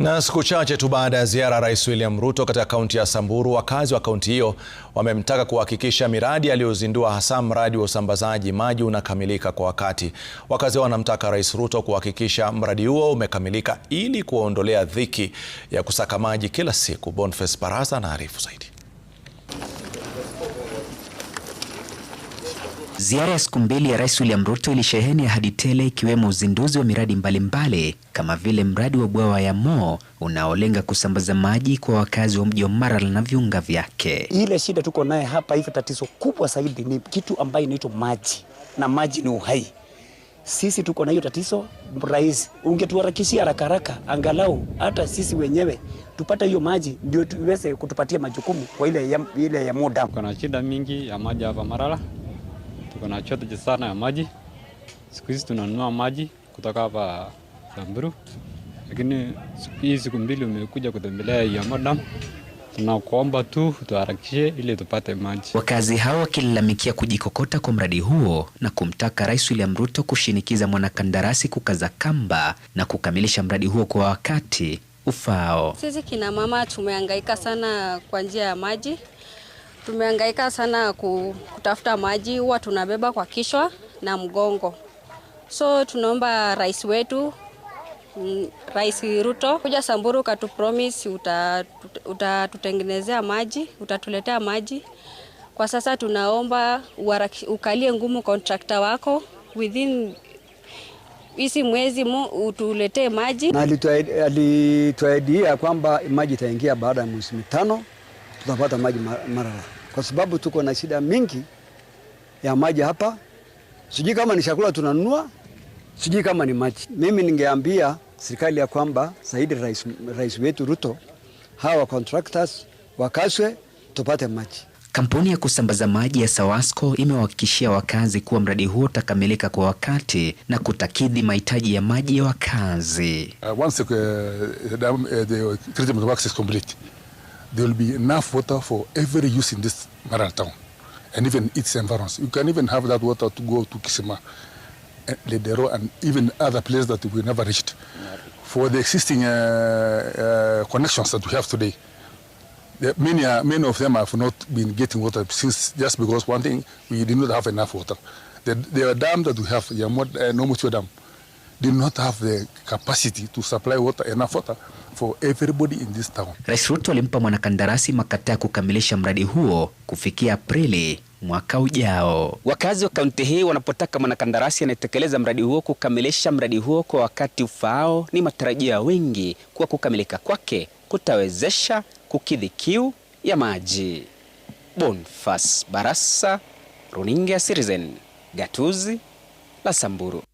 Na siku chache tu baada ya ziara ya Rais William Ruto katika kaunti ya Samburu, wakazi wa kaunti hiyo wamemtaka kuhakikisha miradi aliyozindua hasa mradi wa usambazaji maji unakamilika kwa wakati. Wakazi hao wanamtaka Rais Ruto kuhakikisha mradi huo umekamilika ili kuwaondolea dhiki ya kusaka maji kila siku. Boniface Barasa anaarifu zaidi. Ziara ya siku mbili ya Rais William Ruto ilisheheni ahadi tele ikiwemo uzinduzi wa miradi mbalimbali mbali, kama vile mradi wa bwawa ya Mo unaolenga kusambaza maji kwa wakazi wa mji wa Maralal na viunga vyake. Ile shida tuko naye hapa hivi, tatizo kubwa zaidi ni kitu ambayo inaitwa maji, na maji ni uhai. Sisi tuko na hiyo tatizo. Rais, ungetuharakishia haraka haraka, angalau hata sisi wenyewe tupate hiyo maji, ndio tuweze kutupatia majukumu kwa ile ya, ile ya muda. Kuna shida mingi ya maji hapa Maralal tuko na shortage sana ya maji. Siku hizi tunanunua maji kutoka hapa Samburu, lakini hii siku mbili umekuja kutembelea Iama Dam, tunakuomba tu tuharakishe ili tupate maji. Wakazi hao wakilalamikia kujikokota kwa mradi huo na kumtaka Rais William Ruto kushinikiza mwanakandarasi kukaza kamba na kukamilisha mradi huo kwa wakati ufao. Sisi kina mama tumehangaika sana kwa njia ya maji Tumehangaika sana kutafuta maji, huwa tunabeba kwa kishwa na mgongo. So tunaomba rais wetu mm, Rais Ruto kuja Samburu, promise utatutengenezea uta, maji utatuletea maji. Kwa sasa tunaomba uaraki, ukalie ngumu kontrakta wako within hizi mwezi mu, utuletee maji, na alituahidia kwamba maji itaingia baada ya mwezi mitano tutapata maji Marara, kwa sababu tuko na shida mingi ya maji hapa. Sijui kama ni chakula tunanunua, sijui kama ni maji. Mimi ningeambia serikali ya kwamba zaidi rais, rais wetu Ruto, hawa contractors wakaswe tupate maji. Kampuni ya kusambaza maji ya Sawasco imewahakikishia wakazi kuwa mradi huo utakamilika kwa wakati na kutakidhi mahitaji ya maji ya wakazi. Uh, once uh, the, um, uh, the uh, there will be enough water for every use in this Maral town and even its environs. You can even have that water to go to Kisima, eh, Ledero, and even other places that we never reached. For the existing uh, uh, connections that we have today, many, uh, many of them have not been getting water since just because one thing, we did not have enough water. The, the dam that we have, Yamot, uh, Nomucho Dam, did not have the capacity to supply water, enough water for everybody in this town. Rais Ruto alimpa mwanakandarasi makataa kukamilisha mradi huo kufikia Aprili mwaka ujao. Wakazi wa kaunti hii wanapotaka mwanakandarasi anayetekeleza mradi huo kukamilisha mradi huo kwa wakati ufaao, ni matarajio ya wengi kuwa kukamilika kwake kutawezesha kukidhi kiu ya maji. Bonfas Barasa, Runinga Citizen, Gatuzi la Samburu.